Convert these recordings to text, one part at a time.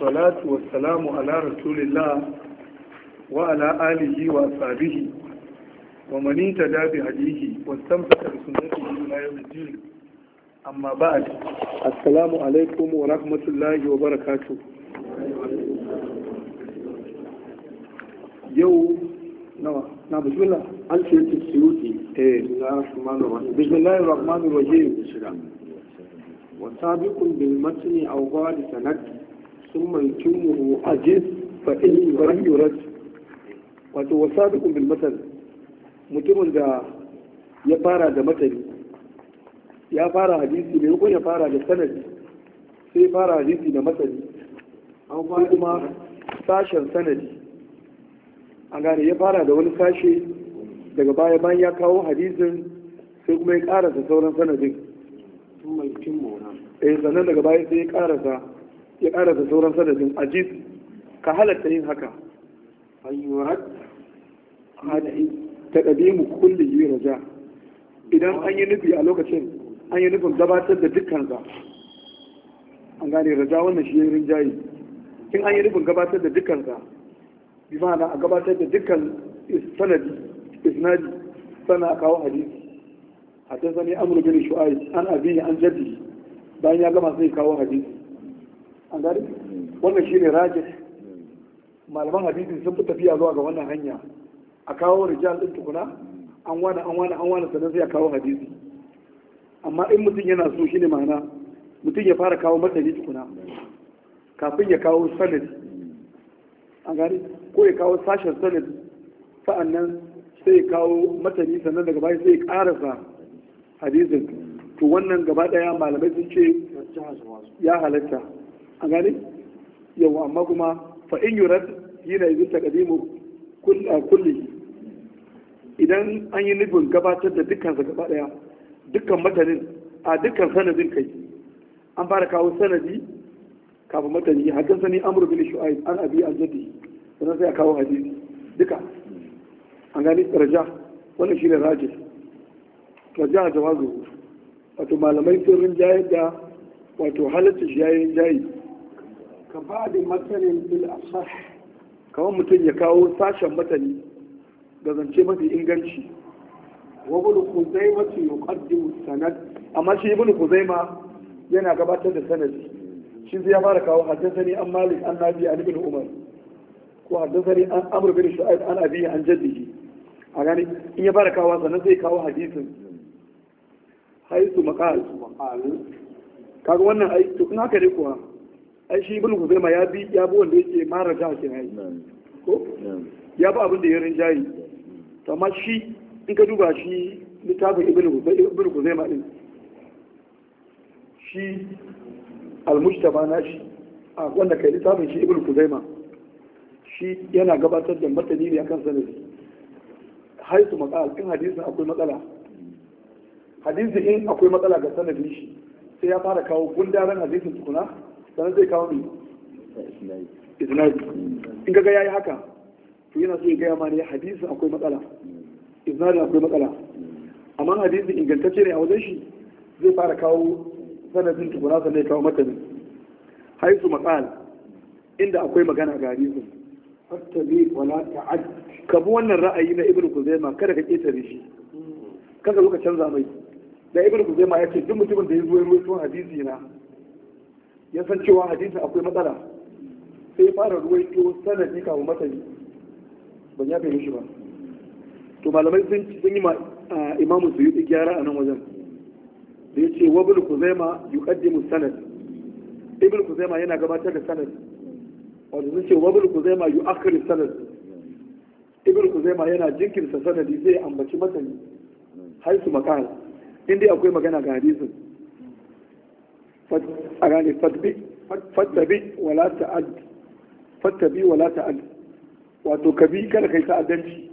Balatu wa salamu ala rasulillah wa ala alihi wa sabihi wa maninta da bi hadihi wa tambata da sunnati da jini amma ba a assalamu alaikum wa rahmatullahi wa barakatu yau nawa na bismillah an ce ce siyuti eh bismillahir rahmanir rahim wa sabiqun bil matni aw ghadi sanati sun a jis fa wato mutumin da ya fara da matari ya fara hadisi ya fara da sanadi sai fara hadisi da matari an fara kuma sashen sanadi gane ya fara da wani sashe daga baya bayan ya kawo hadisin sai ya ƙara da sauran sadadin ajiz ka halatta yin haka ayyurat hadi taqdimu kulli raja idan an yi nufi a lokacin an yi nufin gabatar da dukkan sa an gane raja wannan shi yin rinjayi in an yi nufin gabatar da dukkan sa bi ma'ana a gabatar da dukkan sanadi isnadi sana kawo hadisi hatta sani amru bin shu'aib an abi an jaddi bayan ya gama sai kawo hadisi an gari wannan shi ne rajin malaman habibu sun fi tafiya zuwa ga wannan hanya a kawo rijal ɗin tukuna an wani an wani an wani sannan sai a kawo hadisi amma in mutum yana so shi ne ma'ana mutum ya fara kawo matsayi tukuna kafin ya kawo sanad an gari ko ya kawo sashen sanad nan sai ya kawo matani sannan daga baya sai ya karasa hadisin to wannan gaba daya malamai sun ce ya halatta a gani yau amma kuma fa in yurad yana yanzu a kulli idan an yi nufin gabatar da dukkan sa gaba daya dukkan matanin a dukkan sanadin kai an fara kawo sanadi kafin matani sani amr bin shu'aib an abi an jaddi sannan sai a kawo hadisi duka an gani raja wannan shine raji raja jawazu wato malamai sun rinjaye da wato halatta shi yayin jayi ka ba da matanin bil asah kawai mutum ya kawo sashen matani ga zance mafi inganci wa ibn kuzaima tu yuqaddimu sanad amma shi zai ma yana gabatar da sanadi shi zai ya fara kawo haddathani an malik an nabi an ibn umar ko haddathani an amr bin shu'aib an abi an jaddihi a gani in ya fara kawo sanar zai kawo hadisin haisu maqal kaga wannan ai to in haka ne kuwa ai shi zai huzaima ya bi ya bi wanda yake mara jaha yi ko ya bi abin da ya rinjaye to amma shi in ka duba shi littafin zai huzaima din shi ba na shi a wanda kai littafin shi zai huzaima shi yana gabatar da matani ne akan sanadi haitu matsala in hadisin akwai matsala hadisin in akwai matsala ga sanadin shi sai ya fara kawo gundaren hadisin tukuna sannan zai kawo ne isnadi in kaga yayi haka to yana so ya gaya ma ne hadisi akwai matsala isnadi akwai matsala amma hadisi ingantacce ne a wajen shi zai fara kawo sanadin tukuna sannan ya kawo matanin haisu matsal inda akwai magana ga hadisin fattabi wala ta'ad ka bi wannan ra'ayi na ibnu kuzaima kada ka ketare shi kada ka canza mai da ibnu kuzaima ya ce duk mutumin da ya zo ya ruwaito hadisi na ya san cewa hadisin akwai matsala sai fara ruwai to sanadi kawo matsayi ban ya fahimci shi ba to malamai sun sun yi imamu su yi gyara a nan wajen da ya ce wa ibn kuzaima yuqaddimu sanad ibn kuzaima yana gabatar da sanad Wanda sun ce wa ibn kuzaima akari sanad ibn kuzaima yana jinkirta sanadi zai ambaci matsayi su makar inda akwai magana ga hadisin a gane fattabi wala ta'ad fattabi wala ta'ad wato ka bi kada kai ta'addanci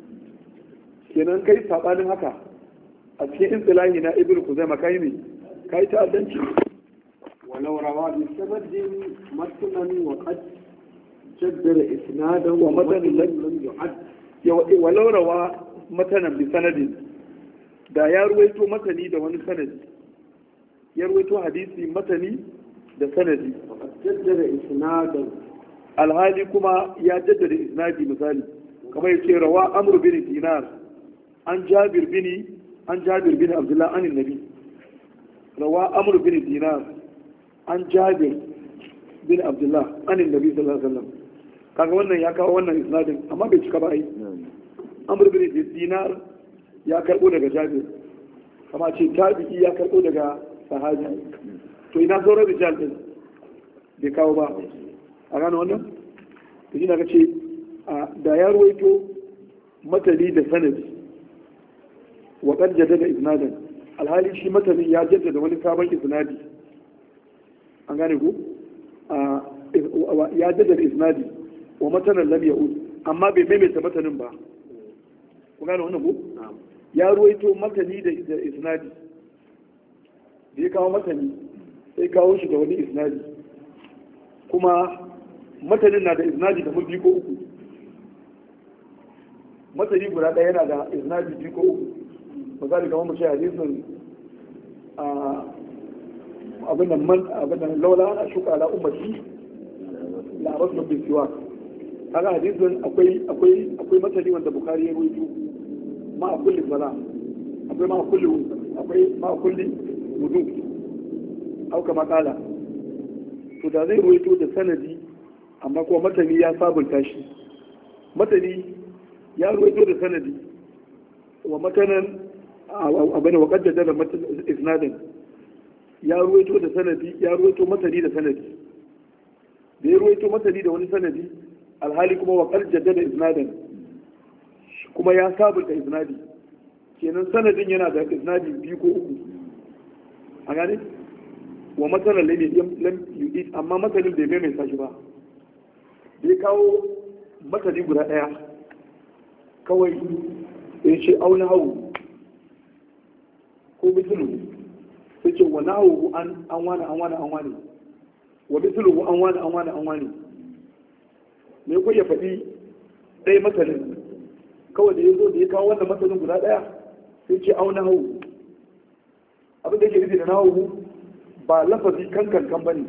kenan kai sabanin haka a cikin istilahi na ibnu kuzaima kai ne kai ta'addanci ولو روى بسبب وقد جدر اسنادا ومتن لم يعد ولو روى bi بسند eh, da ya ruwaito matani da wani sanadi ya rawaito hadisi matani da sanadi jaddada isnadan alhali kuma ya jaddada isnadi misali kamar yace rawa amr bin dinar an jabir bin an jabir bin abdullah anin nabi rawa amr bin dinar an jabir bin abdullah anin nabi sallallahu alaihi wasallam kaga wannan ya kawo wannan isnadin amma bai cika ba ai amr bin dinar ya karbo daga jabir kama ce tabi'i ya karbo daga sahaja to ina sauran rijal din bai kawo ba a gane wannan to shi ka ce da ya ruwaito matali da sanadi wa kan jaddada isnadan alhali shi matanin ya jaddada wani sabon isnadi an gane ku ya jaddada isnadi wa matanar lam ya'ud amma bai maimaita matanin ba ku gane wannan ku ya ruwaito matani da isnadi da ya kawo matani sai kawo shi da wani isnadi kuma matanin na da isnadi da mun ko uku matani guda ɗaya yana da isnadi biyu ko uku ba za mace hadisin abin nan man abin laula a shuka ala ummati la rasul bi siwa kaga hadisin akwai akwai akwai matani wanda bukari ya ruwaito ma a kulli bala akwai ma a kulli akwai ma a kulli wudu au kama kala to da zai ruwaito da sanadi amma kuma matani ya sabunta shi matani ya ruwaito da sanadi wa matanan abin wa kaddada da isnadin ya ruwaito da sanadi ya ruwaito matani da sanadi da ya ruwaito matani da wani sanadi alhali kuma wa kaddada da isnadin kuma ya sabunta isnadi kenan sanadin yana da isnadi biyu ko uku a gane wa matsalar lam yi amma matsalin bai maimaita shi ba bai kawo matsali guda ɗaya kawai ya ce auna hau ko bitilu ya ce wa nawo an wani an wani an wani wa wa an wani an wani an wani me kuwa ya faɗi ɗaya matsalin kawai da ya zo da ya kawo wannan matsalin guda ɗaya sai ce auna hau abin da ke nufi da nawahu ba lafazi kankan kan bane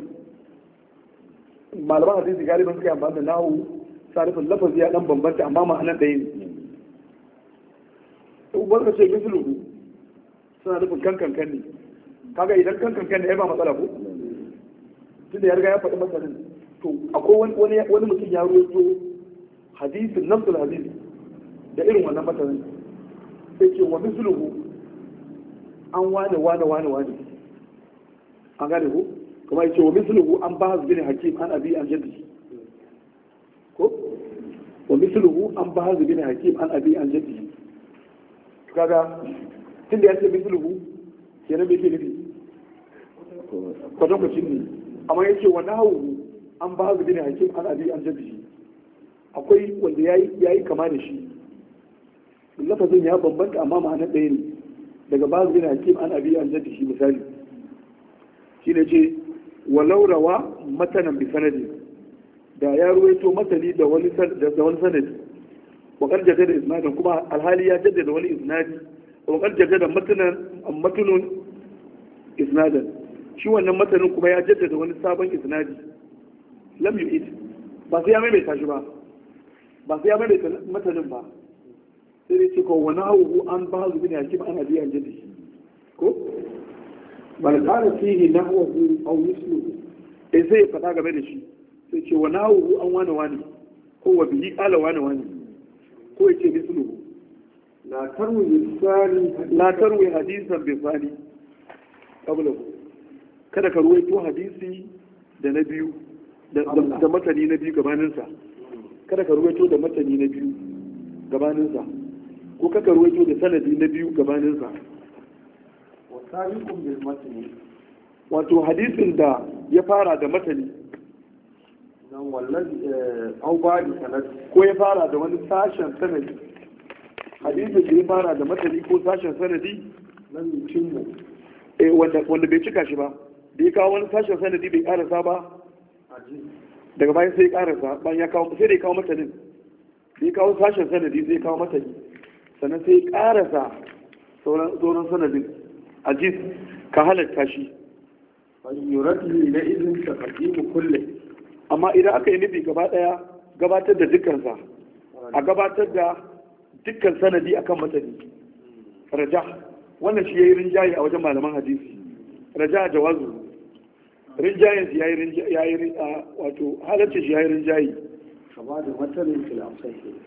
malaman hadisi galiban suka amfani da nawahu sarifin lafazi ya dan bambanta amma ma'anar da yin ubar ka ce misluhu suna nufin kankan kan ne kaga idan kankan kan ne ya ba matsala ko da ya riga ya faɗi matsalin to akwai wani wani mutum ya roto hadisin nafsul hadisi da irin wannan matsalin sai ce wa misluhu an wane wane wane wane an gane ku kuma yace wa misluhu an bahaz bin hakim an abi an jaddi ko wa misluhu an bahaz bin hakim an abi an jaddi kaga tunda yace misluhu kenan bai ke nufi kwatankwacin ne amma yace wa nahu an bahaz bin hakim an abi an jaddi akwai wanda ya yi kama da shi lafazin ya bambanta amma ma'anar ɗaya ne daga ba bin hakim an abi an jaddi shi misali shi ne ce walau rawa matanan bi sanadi da ya ruwaito matali da wani sanadi wakar jaga da isnadin kuma alhali ya jaddada wani isnadi wakar jaga da matanun isnadin shi wannan matanin kuma ya jaddada wani sabon isnadi lam yu'id ba sai ya maimaita shi ba ba sai ya maimaita matanin ba sai dai ko wani hauhu an ba su bin hakim ana a jaddi ko bal kana fihi nahwahu aw misluhu eh zai faɗa game da shi sai ce wani hauhu an wani wani ko wa bihi qala wani wani ko ya ce misluhu la tarwi sani la tarwi hadisan bi sani kada ka ruwaito hadisi da na biyu da matani na biyu gabaninsa kada ka ruwaito da matani na biyu gabaninsa ko kaka ruwaito da sanadi na biyu gabaninsa wato hadisin da ya fara da matani eh, ko ya fara da wani sashen sanadi hadisin da ya fara da matani ko sashen sanadi eh, wanda bai cika shi ba da ya kawo wani sashen sanadi bai karasa ba daga bayan sai ya karasa bayan ya kawo sai da ya kawo matanin da ya kawo sashen sanadi zai kawo matanin. sannan sai karasa sauran sanadin ajiz ka halatta shi ne na izin ta kadimu kulle amma idan aka yi nufi gaba daya gabatar da dukkansa a gabatar da dukkan sanadi a kan matani raja wannan shi ya yi rinjaye a wajen malaman hadisi raja jawazu rinjayen shi yi rinjaye wato halarci shi yi rinjaye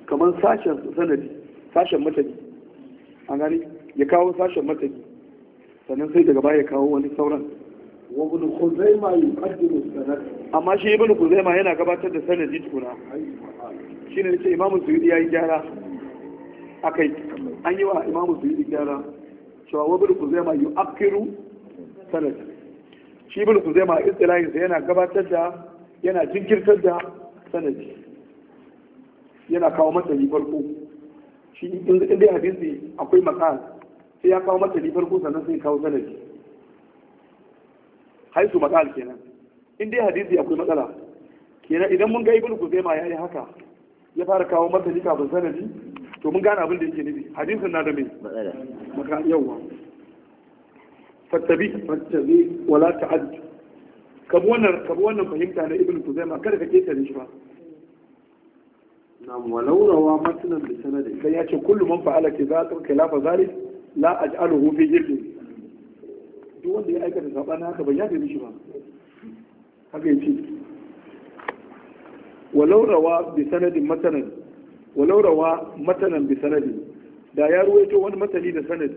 kamar sashen sanadi sashen mataki, an gani ya kawo sashen mataki sannan sai daga baya ya kawo wani sauran kuzai ma yi yuqaddimu sanad amma shi ibn ma yana gabatar da sanadi tukuna ne nace imamu suyudi yi gyara a kai. an yi wa imamu suyudi gyara cewa wa ibn yi akiru sanad shi ibn khuzaima istilahin sa yana gabatar da yana jinkirtar da sanadi yana kawo matsayi farko shi in dai hadisi akwai matsal sai ya kawo matali farko sannan sai kawo sanadi haisu matsal kenan in dai hadisi akwai matsala kenan idan mun ga ibnu kuzaima yayi haka ya fara kawo matali kafin sanadi to mun gane abin da yake nufi hadisin na da mai matsala yawa fattabi fattabi wala ta'add kabi wannan wannan fahimta na ibnu kuzaima kada ka ketare shi ba nam walau rawa matnan bi sanadin sai ya ce kullu man fa'ala kizaqan khilafa zalik la aj'aluhu fi jildi duk wanda ya aikata sabana haka ban yafe mishi ba haka yace walau rawa bi sanadin matanan walau rawa matanan bi sanadin da ya ruwaito wani matani da sanadi,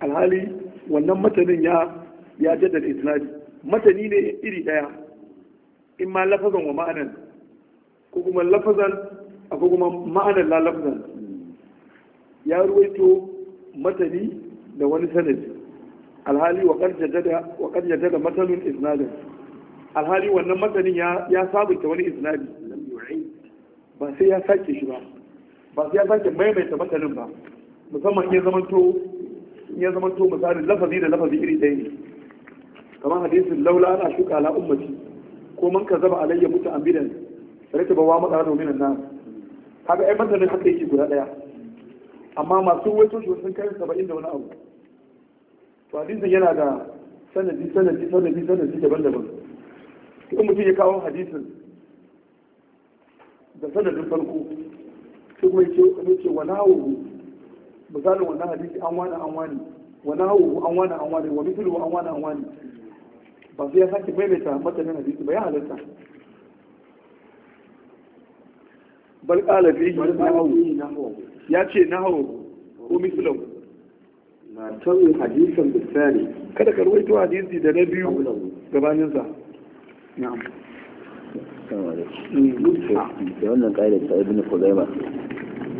alhali wannan matanin ya ya jaddada isnadi matani ne iri daya in ma lafazan wa ma'anan ko kuma lafazan ko kuma ma'anar la lafazan ya ruwaito matani da wani sanadi alhali wa kan jaddada matalun isnadin alhali wannan matanin ya sabunta wani isnadi ba sai ya sake shi ba ba sai ya sake maimaita matanin ba musamman ya zamanto ya zamanto misalin lafazi da lafazi iri ɗaya ne kamar hadisin laula ana shuka ala ummati ko man kazaba alayya muta ambidan rike ba wa matsara domin nan kaga ai masanin haka yake guda daya amma masu wato shi sun kai 70 da wani abu to hadisin yana da sanadi sanadi sanadi sanadi daban-daban in mutum ya kawo hadisin da sanadin farko shi kuma ya ce wani hawo misalin wannan hadisi an wani an wani wani hawo an wani an wani wa misilu an wani an wani ba sai ya sake maimaita matsalin hadisi ba ya halarta. bal qala fihi nahwu ya ce nahwu ko mislahu na tawi hadisan bisani kada ka ruwaito hadisi da na biyu gabanin sa na'am mm. da wannan ƙa'idar ta ibn Khuzaima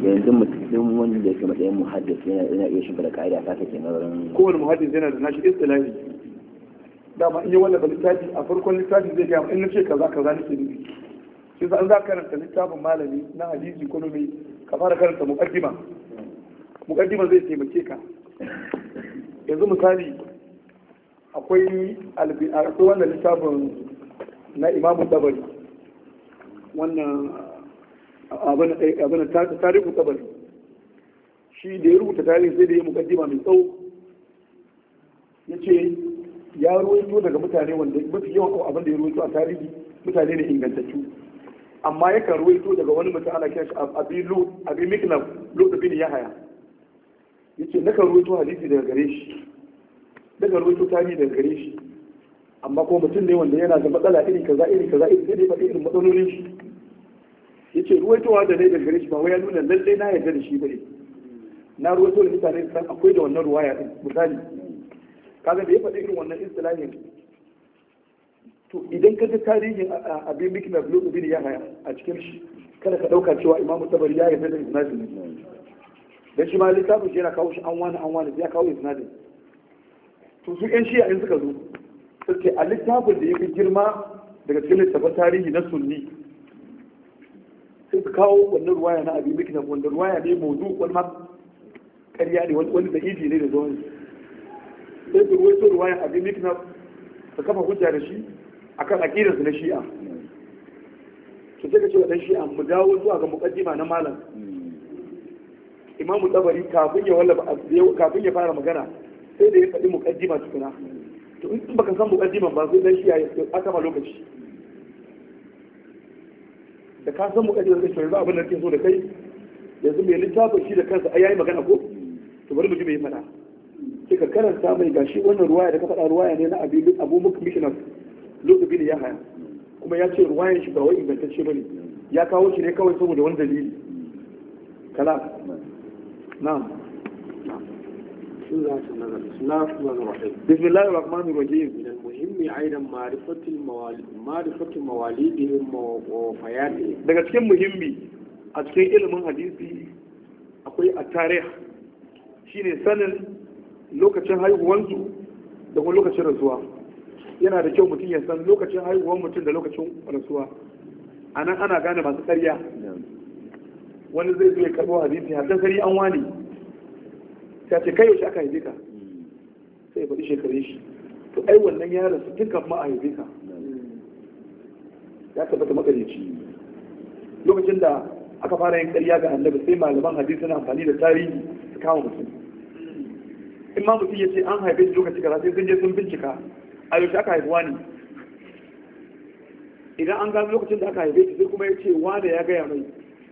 yanzu mutum wanda ke matsayin muhaddis yana iya shiga da ƙa'ida ta take nazarin kowane muhaddis yana da nashi istilahi ma in yi wallafa littafi a farkon littafi zai gaya in na ce kaza kaza nake nufi shi sa an za karanta littafin malami na hadisi ko ka fara karanta muqaddima muqaddima zai taimake ka yanzu misali akwai akwai wannan littafin na imamu tabari wannan abin tarihi tabari shi da ya rubuta tarihi sai da ya mukaddima mai tsawo ya ce ya ruwaito daga mutane wanda mafi yawan abin da ya ruwaito a tarihi mutane ne ingantattu amma yakan ruwaito daga wani mutum ana kiran shi abi lu abi miklam lu bin yahaya yace nakan ruwaito hadisi daga gare shi nakan ruwaito tani daga gare shi amma ko mutum ne wanda yana da matsala iri kaza iri kaza iri ne faɗi irin matsalolin shi yace ruwaitowa da ne daga gare shi ba wai ya nuna lallai na yarda da shi bane na ruwaito da mutane san akwai da wannan ruwaya din misali kaga da ya faɗi irin wannan istilahin to idan ka ga tarihin abin da blue ya haya a cikin shi kada ka dauka cewa imamu tabari ya yarda da isnadin dan shi ma littafin shi yana kawo shi an wani an wani ya kawo isnadin to su yan shi'a in suka zo suke a littafin da ya fi girma daga cikin littafin tarihi na sunni sai kawo wannan ruwaya na abin mikna wanda ruwaya ne mawdu wani ma ƙarya ne wani da ne da zuwan sai su ruwaito ruwayan abin mikna ka kafa hujja da shi akan su na shi'a su ce wa dan shi'a mu dawo zuwa ga muqaddima na malam imamu tabari kafin ya wallafa kafin ya fara magana sai da ya faɗi muqaddima tukuna to in baka san muqaddiman ba sai dan shi'a ya aka ma lokaci da ka san muqaddima sai yanzu abin da kake so da kai yanzu mai littafin shi da kansa ai yayi magana ko to bari mu ji mai mana sai ka karanta mai gashi wannan ruwaya da ka faɗa ruwaya ne na abu abu mukmishinan lokacin ya haya kuma ya ce ruwayan shi ba wai ingantacce bane ya kawo shi ne kawai saboda wani dalili kala na'am بسم الله الرحمن الرحيم من المهم أيضا معرفة المواليد معرفة مواليدهم daga cikin muhimmi a cikin ilimin hadisi akwai a shi shine sanin lokacin haihuwansu da kuma lokacin rasuwa yana da kyau mutum ya san lokacin haihuwar mutum da lokacin rasuwa a nan ana gane masu karya wani zai zo ya karɓo hadisi har sani an wani ta ce kai yaushe aka haife ka sai faɗi shekarun shi to ai wannan ya rasu tun kafin a haife ka ya tabbata makarici lokacin da aka fara yin karya ga annabi sai malaman hadisi suna amfani da tarihi su kama mutum in ma mutum ya ce an haife shi lokaci kaza sai sun je sun bincika a yaushe aka haifi wani idan an gano lokacin da aka haife shi sai kuma ya ce wane ya gaya mai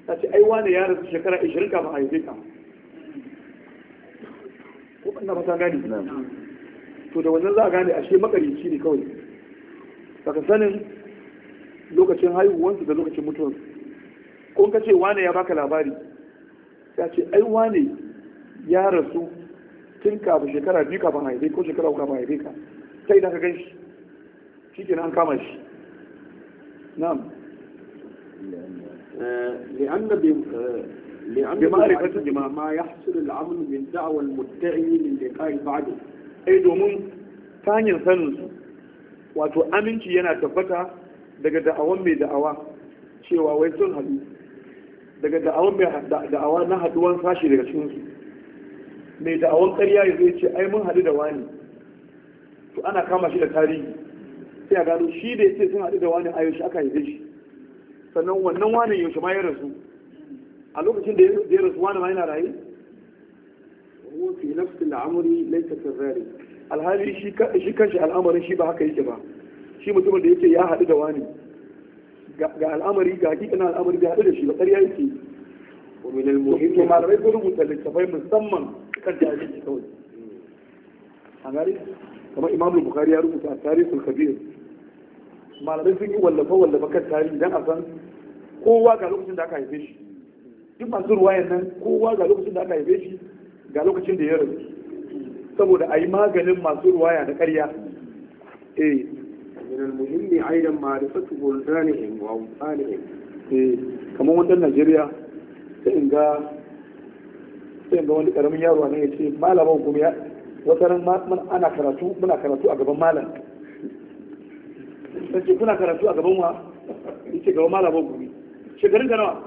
ta ce ai wane ya rasu shekara 20 kafin haife ka na ta gani to da wannan za a gane ashe makarici ne kawai daga sanin lokacin haihuwansu da lokacin mutuwansu ko ka ce wane ya baka labari ya ce ai wane ya rasu tun kafin shekara biyu kafin haife ko shekara uku kafin haife ka Sai idan ka gan shi shi ke an kama shi na'am لأن بمعرفة ما يحصل العمل من دعوى المدعي للقاء بعده أي دومون ثاني ثانوس wato aminci yana tabbata daga da'awan mai da'awa cewa wai sun haɗu daga da'awan mai da'awa na haɗuwan sashi daga cikinsu mai da'awan ƙarya ya zai ce ai mun haɗu da wani to ana kama shi da tarihi sai a gano shi da yace sun haɗu da wani a yaushe aka haife shi sannan wannan wani yaushe ma ya rasu a lokacin da ya rasu wani ma yana raye huwa fi nafsi al'amuri laysa kadhalik alhali shi shi kanshi al'amarin shi ba haka yake ba shi mutumin da yake ya haɗu da wani ga al'amari ga hakikana al'amari ga haɗu da shi ba ƙarya yake ومن المهم ثم على رأيه قلوب متلك فهي مصمم كان جاهزين كوي أنا kamar imam bukhari ya rubuta a tarihul kabir malamai sun yi wallafa wallafa kan tarihi dan a san kowa ga lokacin da aka haife shi duk masu ruwayan nan kowa ga lokacin da aka haife shi ga lokacin da ya rasu saboda a yi maganin masu ruwaya na ƙarya eh من المهم أيضا معرفة بلدانهم وأوطانهم kamar wannan Najeriya sai in ga sai in ga wani karamin yaro ne ya ce malamin kuma wata ran ana karatu muna karatu a gaban malam sai kuna karatu a gaban wa yace gaban malam ba gobe shekarun ka nawa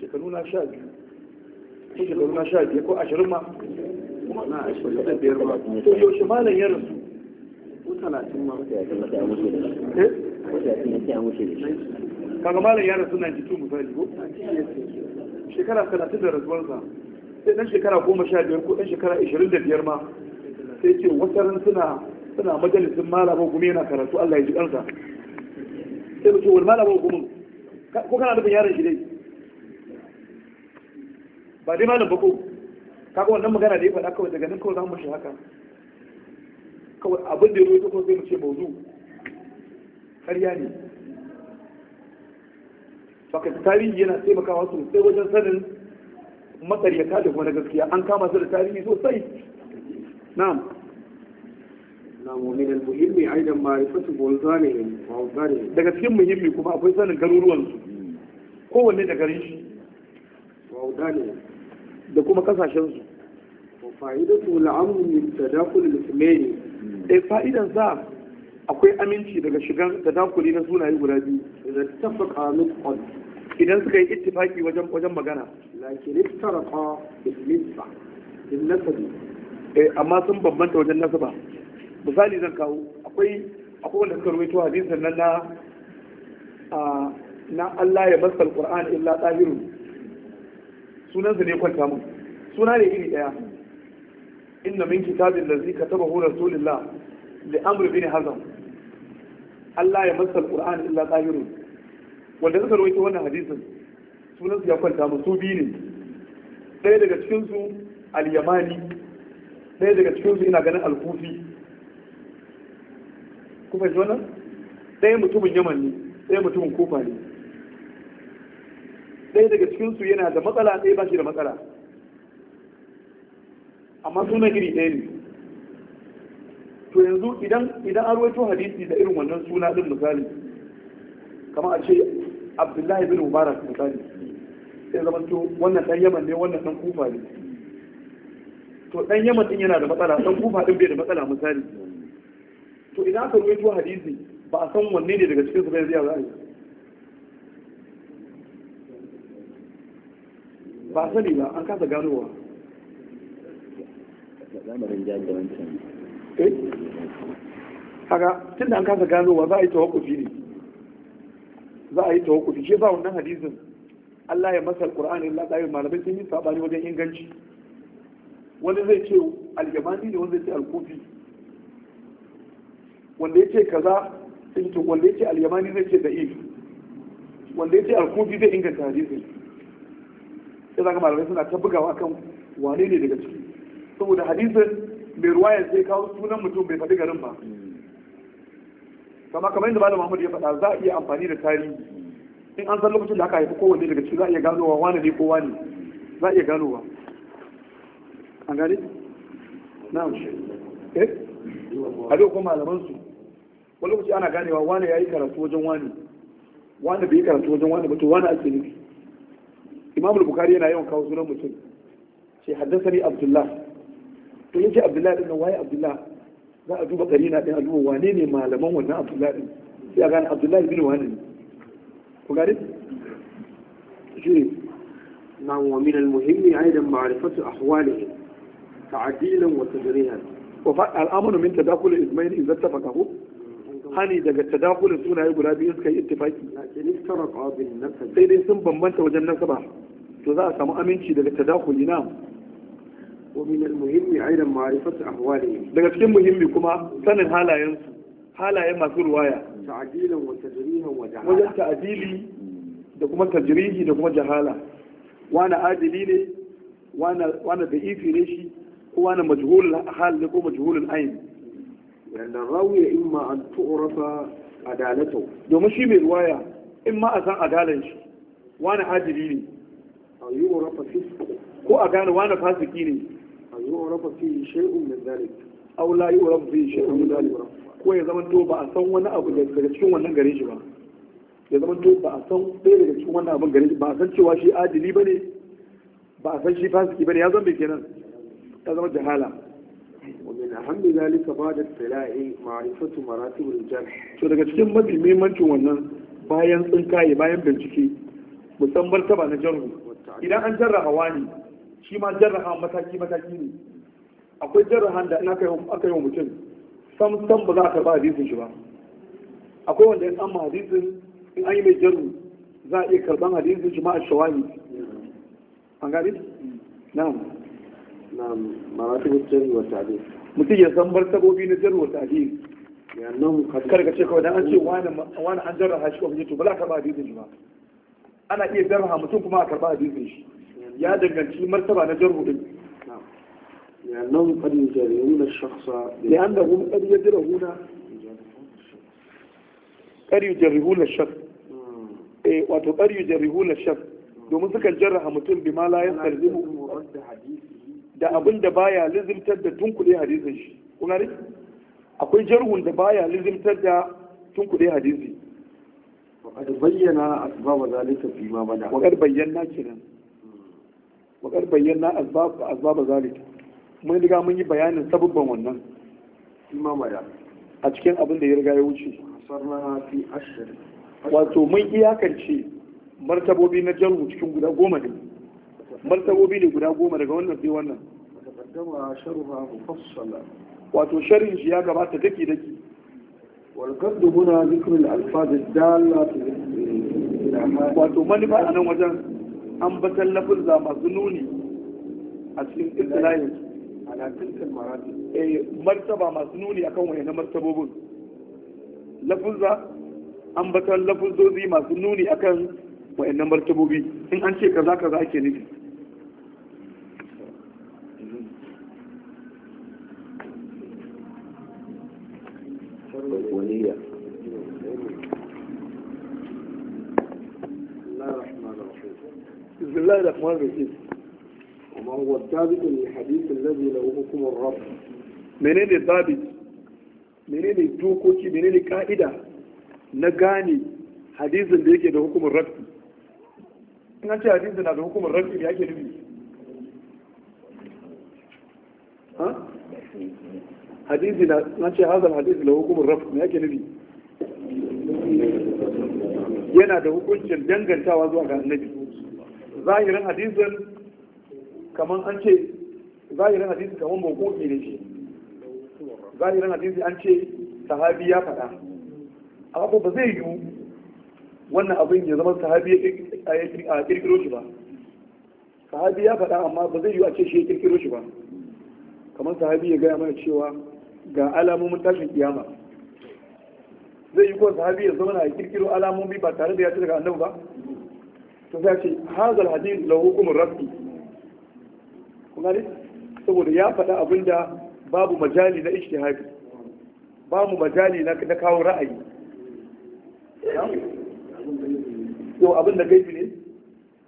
shekaru na sha biyu ko shekaru na sha biyu ko ashirin ma kuma na ashirin da biyar ma to shi malam ya rasu ko 30 ma mutane ya wuce da shi eh? ya wuce da kaga malam ya rasu 92 misali ko shekara 30 da rasuwarsa sai ɗan shekara goma sha biyar ko ɗan shekara ashirin da biyar ma sai ce ran suna suna majalisin malama gumi yana karatu Allah ya ji kansa sai mu ce wani malama gumi ko kana nufin yaron shi dai ba dai malam ba ko kaga wannan magana da ya faɗa kawai daga nan kawai za mu shi haka kawai abin da ya rufe ko sai mu ce bauzu ƙarya ne fakat tarihi yana taimakawa sosai wajen sanin makaryata da kuma gaskiya an kama su da tarihi sosai na'am na'am muhimmi daga cikin muhimmi kuma akwai sanin garuruwansu, kowanne da garin shi da kuma kasashensu. fa'idatu eh, fa'idan sa akwai aminci daga shigan tadakuli na sunaye guda biyu idan tafaqa idan suka yi ittifaki wajen wajen magana lakin iftaraqa bil nisba bil nasabi eh amma sun bambanta wajen nasaba misali zan kawo akwai akwai wanda suka rubuta hadisin nan na na Allah ya basta alquran illa tahirun sunan ne kwanta mun suna ne iri daya inna min kitabin lazi katabahu rasulullah li amr bin hazam Allah ya basta alquran illa tahirun wanda suka rawaito wannan hadisin sunansu ya kwanta mu su biyu ne ɗaya daga cikinsu al-yamani ɗaya daga cikinsu ina ganin al-kufi kuma ji wannan ɗaya mutumin yaman ne ɗaya mutumin kofa ne ɗaya daga cikinsu yana da matsala ɗaya ba shi da matsala amma sunan iri ɗaya ne to yanzu idan idan an rawaito hadisi da irin wannan suna ɗin misali kamar a ce abdullahi bin mubarak misali sai zama to wannan dan yaman ne wannan dan kufa ne to dan yaman din yana da matsala dan kufa din bai da matsala misali to idan aka ruwaito hadisi ba a san wanne ne daga cikin su bai zai zai ba sani ba an kasa ganowa lamarin jami'ar wancan eh haka tunda an kasa ganowa za a yi tawakufi ne za a yi tawakkuli shi ba wannan hadisin Allah ya masa alkur'ani Allah yi malamai sun yi sabani wajen inganci wani zai ce aljamani ne wanda zai ce alkufi wanda ya ce kaza sun ce wanda ce aljamani zai ce da'if wanda ya ce alkufi zai inganta hadisin sai zaka malamai suna ta bugawa kan wane ne daga ciki saboda hadisin mai ruwayar sai kawo sunan mutum bai faɗi garin ba kama kamar yadda malam Muhammad ya faɗa za a iya amfani da tarihi in an san lokacin da aka haifi kowanne daga ciki za a iya ganowa wane ne ko wane za a iya ganowa an gane na'am eh a ko kuma malaman su wani lokaci ana ganewa wane yayi karatu wajen wani wane bai karatu wajen wani ba to wane ake nufi imam al-bukhari yana yawan kawo sunan mutum sai haddasa ni abdullah to yace abdullah din waye abdullah za a duba karina ɗin a duba wane ne malaman wannan abdullahi sai a gane abdullahi bin wane ne ku gane shi na wa min al-muhimmi aidan ma'rifatu ahwalihi ta'dilan wa tadrihan wa fa al-amru min tadakul ismail idza tafaqa hu mm-hmm. hani daga tadakulin sunaye guda biyu suka yi ittifaki sai dai sun bambanta wajen nasaba to za a samu aminci daga tadakuli na ومن المهم أيضا معرفة أحوالهم لقد كم مهم كما سنة هالا ينسو هالا يما في رواية تعديلا وتجريها وجهالا وجه تعديلي da kuma tajrihi da kuma jahala wani adili ne wani da ifi ne shi ko wani majhulul hal ne ko majhulul ayin yanda rawiya in ma an tu'rafa adalatu domin shi mai ruwaya in ma a san adalan shi ne a yi ko a gane wani fasiki ne yu'raf fi shay'un min dhalik aw la yu'raf fi shay'un min dhalik ko ya zama to ba a san wani abu daga cikin wannan gare shi ba ya zama to ba a san ɗaya daga cikin wannan abin gare shi ba a san cewa shi adili ba ne ba a san shi fasiki ba ne ya zama kenan ya zama jahala ومن أهم ذلك بعد الطلاع معرفة مراتب الجرح. To daga cikin mafi muhimmancin wannan bayan tsinkaye bayan bincike musamman ta ba na jarhu idan an jarra hawa ne shi ma jarraha mataki mataki ne akwai jarrahan da in aka yi wa mutum sam sam ba za a karɓa hadisin shi ba akwai wanda in an ma hadisin in an yi mai jarru za a iya karɓan hadisin shi ma a shawani an gani na'am na'am maratibu jarru wa ta'dil mutum ya san sabobi na jarru wa ta'dil kar ka ce kawai dan an ce wani an jarraha shi ko ba za a karɓa hadisin shi ba ana iya jarraha mutum kuma a karɓa hadisin shi ya danganci martaba na jarhu din لأنهم قد يجرئون الشخص لأنهم قد يجرئون قد يجرئون الشخص إيه واتو قد يجرئون الشخص domin sukan jarraha mutum bi ma la yastarzimu da abin da baya lizimtar da tunkule hadisin shi kuna akwai jarhun da baya lizimtar da tunkule hadisi wa bayyana asbaba zalika fi ma bayyana kenan wa bayyana asbab asbab zalik mun riga mun yi bayanin sabubban wannan imama a cikin abin da ya riga ya wuce sarna fi wato mun iyakance martabobi na jalu cikin guda goma ne martabobi ne guda goma daga wannan sai wannan taqaddama sharha mufassala wato sharhin shi ya gabata daki daki wal qad huna zikr al alfaz al dalla wato manufa anan wajen ambatan lafuzza masu nuni a cikin istilahin alatuntar eh, martaba masu nuni akan na martabobin lafuzza ambatan lafuzzozi masu nuni akan na martabobi in an ce kaza kaza ake nufi الرحمن الرحيم وما هو الثابت للحديث الذي له حكم الرب منين الثابت na gane hadisin da yake da hukumar rafi an ce hadisin na da hukumar rafi da yake nufi hadisi na na ce hazal hadisi da hukumar rafi me yake nufi yana da hukuncin dangantawa zuwa ga annabi zahirin hadisin kamar an ce zahirin hadisi kamar mawqufi ne shi zahirin hadisi an ce sahabi ya faɗa ko ba zai yiwu wannan abin ya zama sahabi a kirkiro shi ba sahabi ya faɗa amma ba zai yiwu a ce shi ya kirkiro shi ba kamar sahabi ya gaya mana cewa ga alamomin tashin kiyama zai yi ko sahabi ya zama na kirkiro alamomi ba tare da ya ci daga annabi ba to sai ce hazal hadith la hukumur rabbi saboda ya faɗa abinda babu majali na ijtihadi babu majali na kawo ra'ayi yau abin da gaibi ne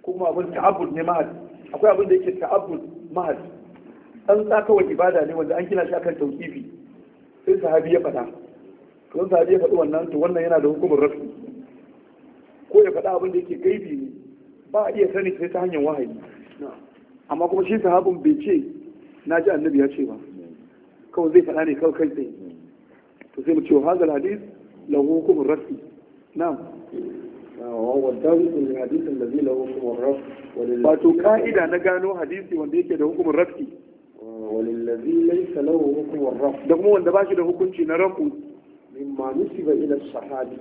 kuma abin ta'abbud ne ma'ad akwai abin da yake ta'abbud ma'ad an tsaka wa ibada ne wanda an gina shi akan tauqifi sai sahabi ya faɗa to sahabi ya faɗi wannan to wannan yana da hukumar rafi ko ya faɗa abin da yake gaibi ne ba a iya sani sai ta hanyar wahayi amma kuma shi sahabin bai ce na ji annabi ya ce ba kawai zai faɗa ne kawai kai tsaye to sai mu ce hazal hadis lahu hukumun rafi na'am wa dawisul hadis allazi lahu hukumun rafi wato ka'ida na gano hadisi wanda yake da hukumun rafi walillazi laysa lahu hukumar rafi da kuma wanda ba shi da hukunci na rafu mimma nusiba ila sahabi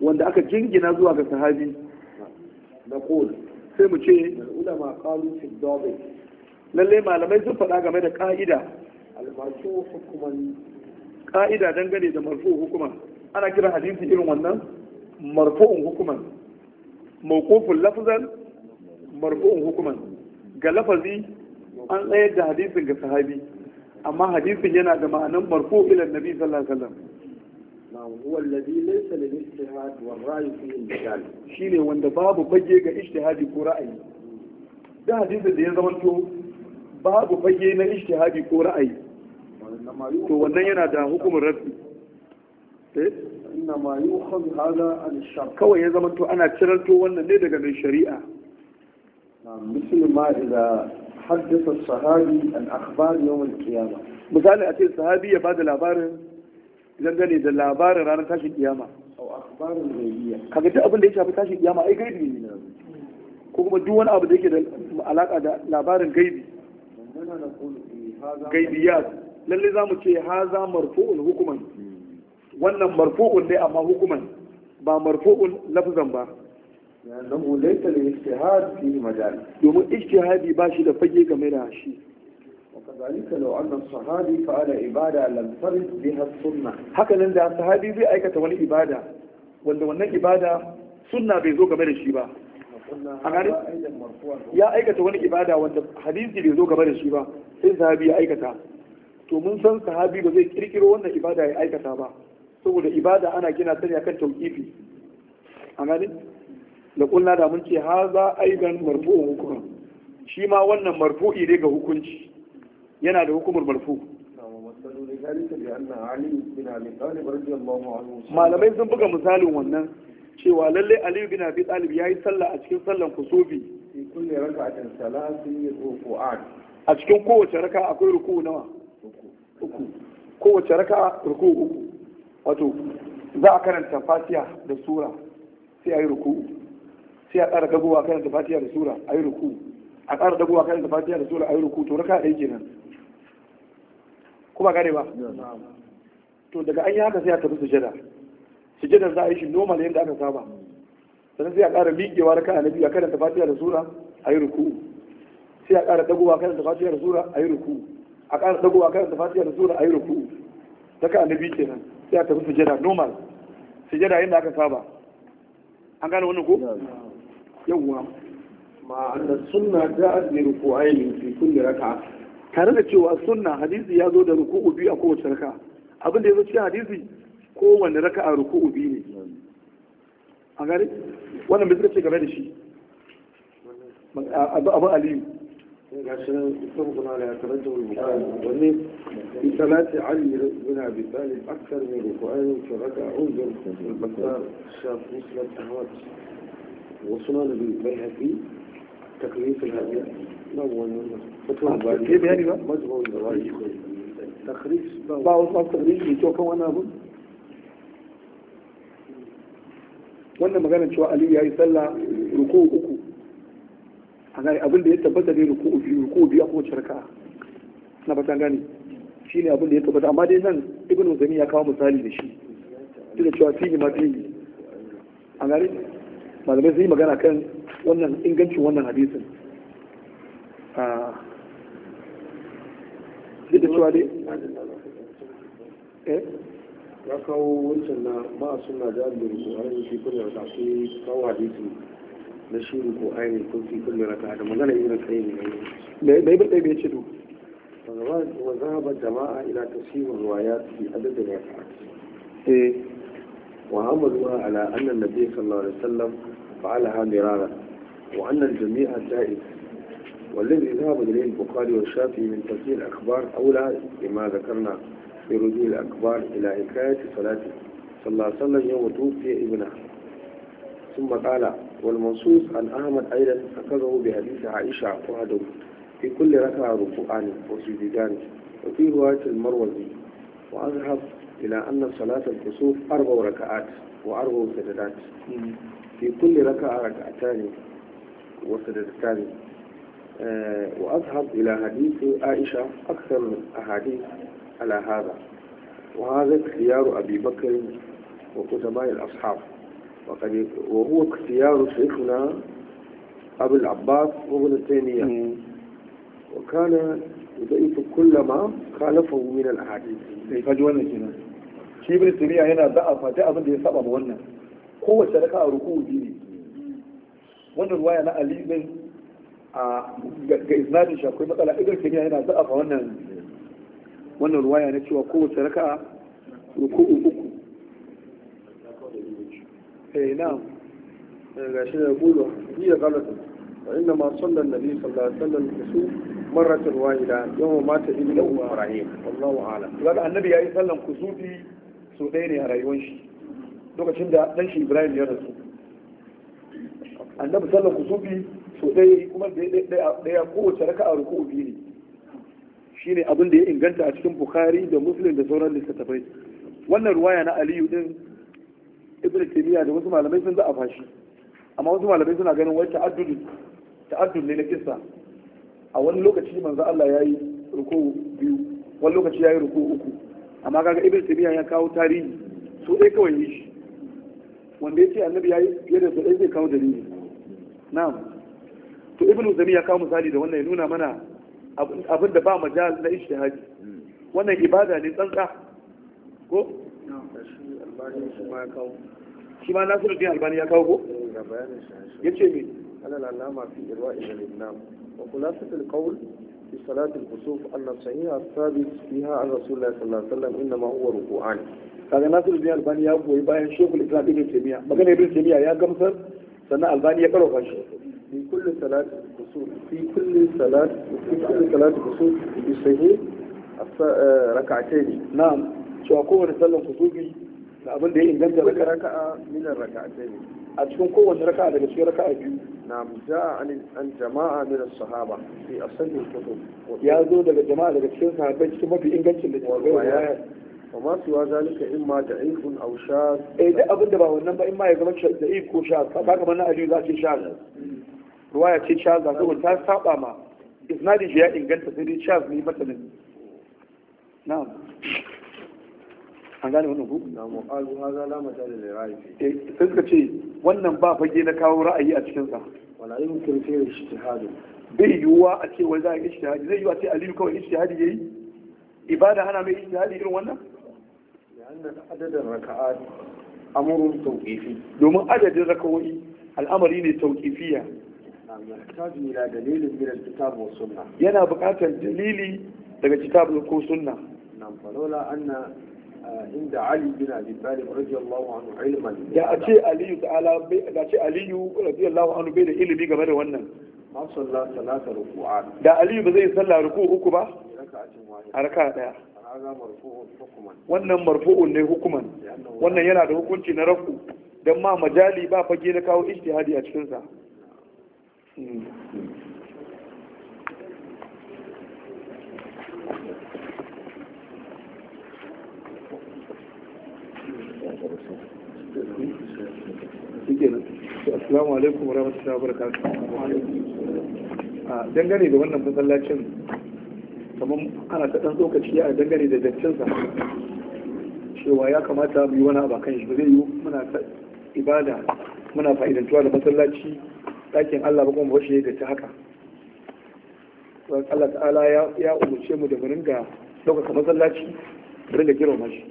wanda aka jingina zuwa ga sahabi na naqul sai mu ce ulama qalu fi dabi lalle malamai sun faɗa game da ka'ida almasu hukuman ka'ida dangane da marfu hukuman ana kira hadisi irin wannan marfu'un hukuman mawqufun lafzan marfu'un hukuman ga lafazi an tsayar da hadisin ga sahabi amma hadisin yana da ma'anan marfu ila nabi sallallahu alaihi wasallam نعم، هو الذي ليس للاجتهاد والرأي في مثال شيني وان باب بيجيك اجتهاد كرأي ده حديث اللي ينظر باب اجتهادي كورأي كرأي وانا ينا دا حكم الرد إيه؟ انما يؤخذ هذا عن الشرق كوا ينظر انتو انا ترنتو وانا ندق من الشريعة نعم، مثل ما اذا حدث الصحابي الأخبار يوم القيامة مثال اتي الصحابي بعد الابارن dangane da labarin ranar tashin kiyama Ka duk abin da ya shafi tashin kiyama ai gaibi ne ko kuma duk wani abu da yake da alaka da labarin gaibi ya lalle za mu ce haza marfu'un hukuman wannan marfu'un ne amma hukuman ba marfu'un lafzan ba domin ijtihadi ba shi da fage game da shi وكذلك لو أن الصحابي فعل عبادة لم ترد بها السنة هكذا عند الصحابي زي أيكة ولي عبادة wanda wannan ibada sunna bai zo game da shi ba a ya aikata wani ibada wanda hadisi bai zo game da shi ba sai sahabi ya aikata to mun san sahabi ba zai kirkiro wannan ibada ya aikata ba saboda ibada ana gina ta ne akan tauqifi a gani da kullu da mun ce haza aidan marfu'un hukuman shi ma wannan marfu'i ne ga hukunci yana da hukumar barfu malamai sun buga misalin wannan cewa lalle aliyu bin abi talib ya yi sallah a cikin sallan kusufi a cikin kowace raka akwai ruku nawa uku kowace raka ruku uku wato za a karanta fatiha da sura sai a yi ruku sai a ƙara dagowa karanta fatiha da sura a yi ruku a ƙara dagowa karanta fatiha da sura a yi ruku to raka ɗaya kenan kuma gane ba to daga an yi haka sai a tafi sujada sujadar za a yi shi normal yadda aka saba sannan sai a ƙara miƙewa da kana biyu a da fatiha da sura a yi ruku sai a ƙara dagowa a fatiha da sura a yi ruku a ƙara dagowa a fatiha da sura a yi ruku ta kan annabi kenan sai a tafi sujada normal sujada yadda aka saba an gane wannan ko yawwa ma annas sunna ja'at bi ruku'ayn fi kulli rak'a tare da cewa sunna hadisi ya zo da ruku'u biyu a kowace raka abin da ya zo cikin hadisi kowanne raka a ruku'u biyu ne a gari wannan bai suka ce game da shi abu aliyu عشان تنظر وصلنا بالبيهقي تكليف wannan magana cewa aliyu ya yi sallah ruku uku a gani abin da ya tabbata ne ruku biyu ruku biyu a kowace raka na batan gani shi ne abin da ya tabbata amma dai nan ibn uzami ya kawo misali da shi tunda cewa fihi ma fihi a gani malamai sun yi magana kan wannan ingancin wannan hadisin Ah. a ya eh? kawo wancan na ba suna na jami'in ko ainihin shi kuma da kawo hadisi na shiru ko ainihin ko da magana irin kai ne bai bai bai ce duk wa zahaba jama'a ila tasirin ruwaya fi adadin raka'at eh wa amaluha ala anna nabiy sallallahu alaihi wasallam fa'alaha mirara wa anna jamia jaiz والذي ذهب إليه البخاري والشافعي من تفسير الأخبار أولى لما ذكرنا في ردود الأخبار إلى حكاية صلاته صلى الله عليه وسلم يوم توفي ابنه ثم قال والمنصوص عن أحمد أيضا أخذه بحديث عائشة وعده في كل ركعة ركوعان وسجدان وفي رواية المروزي وأذهب إلى أن صلاة الكسوف أربع ركعات وأربع سجدات في كل ركعة ركعتان وسجدتان وأذهب إلى حديث عائشة أكثر الأحاديث على هذا وهذا اختيار أبي بكر وقدماء الأصحاب وقد وهو اختيار شيخنا أبو العباس وابن تيمية وكان يضيف كل ما خالفه من الأحاديث. كيف جوانا كنا؟ shi ibn turiya yana za'afa duk abin da ya saba ma wannan kowace raka a ruku biyu ne wannan ruwaya na ali bin آه، ga isnadin shi akwai matsala ibn taymiya yana za'afa wannan wannan ruwaya na cewa kowace raka'a ruku'u uku eh na'am eh, ga shi da gudu iya galata وإنما صلى النبي صلى الله عليه وسلم الكسوف مرة واحدة يوم مات ابنه إبراهيم والله أعلم. لا النبي عليه الصلاة كسوفي سوداني على يونشي. لو كان شندا نشي إبراهيم يا رسول. النبي صلى الله عليه وسلم so ɗaya kuma ɗaya kowace raka a ruku biyu ne shi ne abin da ya inganta a cikin bukhari da muslim da sauran littattafai wannan ruwaya na aliyu ɗin ibn taymiya da wasu malamai sun za'a fashi. amma wasu malamai suna ganin wai ta'addud ta'addud ne na kissa a wani lokaci manzo Allah yayi ruku biyu wani lokaci yayi ruku uku amma kaga ibn taymiya ya kawo tarihi so dai kawai yi shi wanda ya ce annabi fiye yadda so ɗaya zai kawo dalili na'am to ibnu zami ya kawo misali da wannan ya nuna mana abin da ba majal na ishtihadi wannan ibada ne tsantsa ko shi ma nasiru din albani ya kawo ko ya ce me alal alama fi irwa'i al-imam wa khulasat al-qawl fi صلاة الكسوف أن الصحيح الثابت فيها عن رسول الله صلى الله عليه وسلم إنما هو ركوعان kaga nasiru din albani ya goyi bayan shekul islam ibn taymiya magana ibn taymiya ya gamsar sannan albani ya karo shi في كل ثلاث فصول في كل ثلاث في كل ثلاث فصول يصلي ركعتين نعم شو أقوى نسلم فصولي da abin da ya inganta daga raka'a minan raka'atai a cikin kowanne raka'a daga cikin raka'a biyu na'am ja'a an jama'a min as-sahaba fi asalin kutub ya zo daga jama'a daga cikin sahabbai cikin mafi ingancin da jama'a wa ma suwa zalika in ma da'ifun aw shaz eh da abin da ba in ma ya zama da'if ko shaz ba kamar na aliyu za a ce ruwaya ce Charles da zuwa ta saba ma isnadin shi ya inganta sai dai Charles ne masanin na'am an gane wannan ku na mu'azu haza la majal da ra'yi eh sai suka ce wannan ba fage na kawo ra'ayi a cikin sa wala yumkin fi ijtihad bai yiwuwa a ce wai za a yi ijtihadi zai yuwa a ce aliyu kawai ijtihadi yayi ibada hana mai ijtihadi irin wannan لأن عدد amrun tawqifi domin adadin raka'o'i al'amari ne tawqifiya yana buƙatar dalili daga kitab ko sunna nan falola anna inda ali bin abi talib radiyallahu anhu ilman ya ace ali aliyu ta'ala bai da ce ali radiyallahu anhu bai da ilimi game da wannan ma salla salata ruku'a da ali ba zai salla ruku'u uku ba a raka daya wannan marfu'un ne hukuman wannan yana da hukunci na rafu dan ma majali ba fage na kawo ijtihadi a cikin sa Assalamu alaikum warahmatullahi wabarakatuh. Dangane da wannan masallacin kamar ana ta ɗan tsokaci a dangane da dattinsa cewa ya kamata mu yi wani abu kan shi ba zai yi muna ibada muna fa'idantuwa da masallaci ɗakin Allah ba kuma bashi da ta haka Allah ta'ala ya umarce mu da mu ringa ɗaukaka masallaci da ringa mashi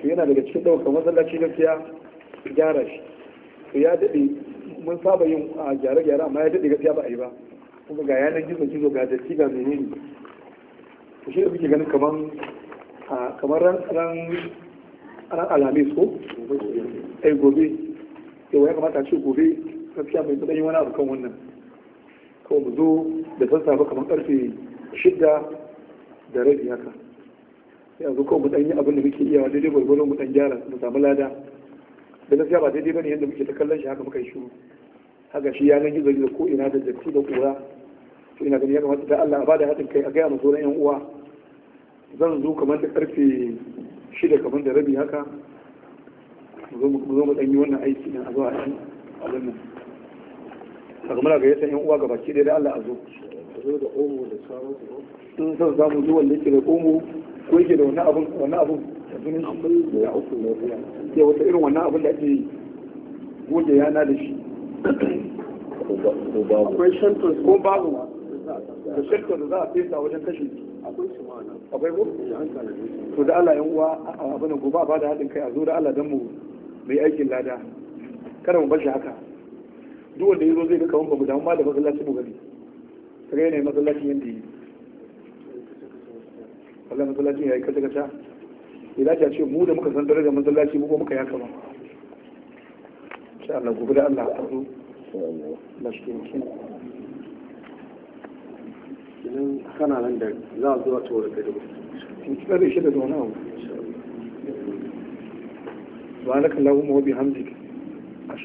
shi yana daga cikin ɗaukaka masallaci gaskiya gyara shi to ya daɗe mun saba yin gyare-gyare amma ya daɗe gaskiya ba a yi ba kuma ga yanar gizo-gizo ga datti ga menene to shi da kuke ganin kaman kamar ran ran alamis ko ai gobe yau ya kamata a ce gobe gaskiya mai kudan yi wani abu kan wannan kawai mu zo da sassafe kamar karfe shidda da rabi haka yanzu kawai mu dan yi abin da muke iya wa daidai gwargwaro mu dan gyara mu samu lada da gaskiya ba daidai bane yadda muke ta kallon shi haka muka yi shiru haka shi yanar gizo gizo ko ina da jakku da kura to ina ganin ya kamata da Allah a bada haɗin kai a gaya ma sauran yan uwa zan zo kamar da karfe shida kamar da rabi haka mu zo mu dan yi wannan aiki na a zuwa a yi a wannan a daga muna gayyata yan uwa gabaki ɗaya da Allah a zo zo da omo da sauran su san samu zuwan da yake da omo ko yake da wani abun wani abun sunan shi da uku ne sai wata irin wannan abun da ake goge yana da shi akwai shantar ko babu da shantar da za a fesa wajen kashe akwai shi ma'ana akwai ko to da Allah yan uwa abin gobe ba da haɗin kai a zo da Allah dan mu mai aikin lada kada mu bar shi haka duk wanda ya zo zai ga kawun bamu amma da masallaci mu gani sai yanayin masallaci yanda yi wallah masallaci ya yi kasa kasa ya dace a ce mu da muka san daraja masallaci mu ko muka yaka ba insha Allah gobe da Allah a zo Allah shi ke idan kana nan da za a zo a tsoro da dubu in kira da shi da zaune a wani subhanakallahumma wa bihamdika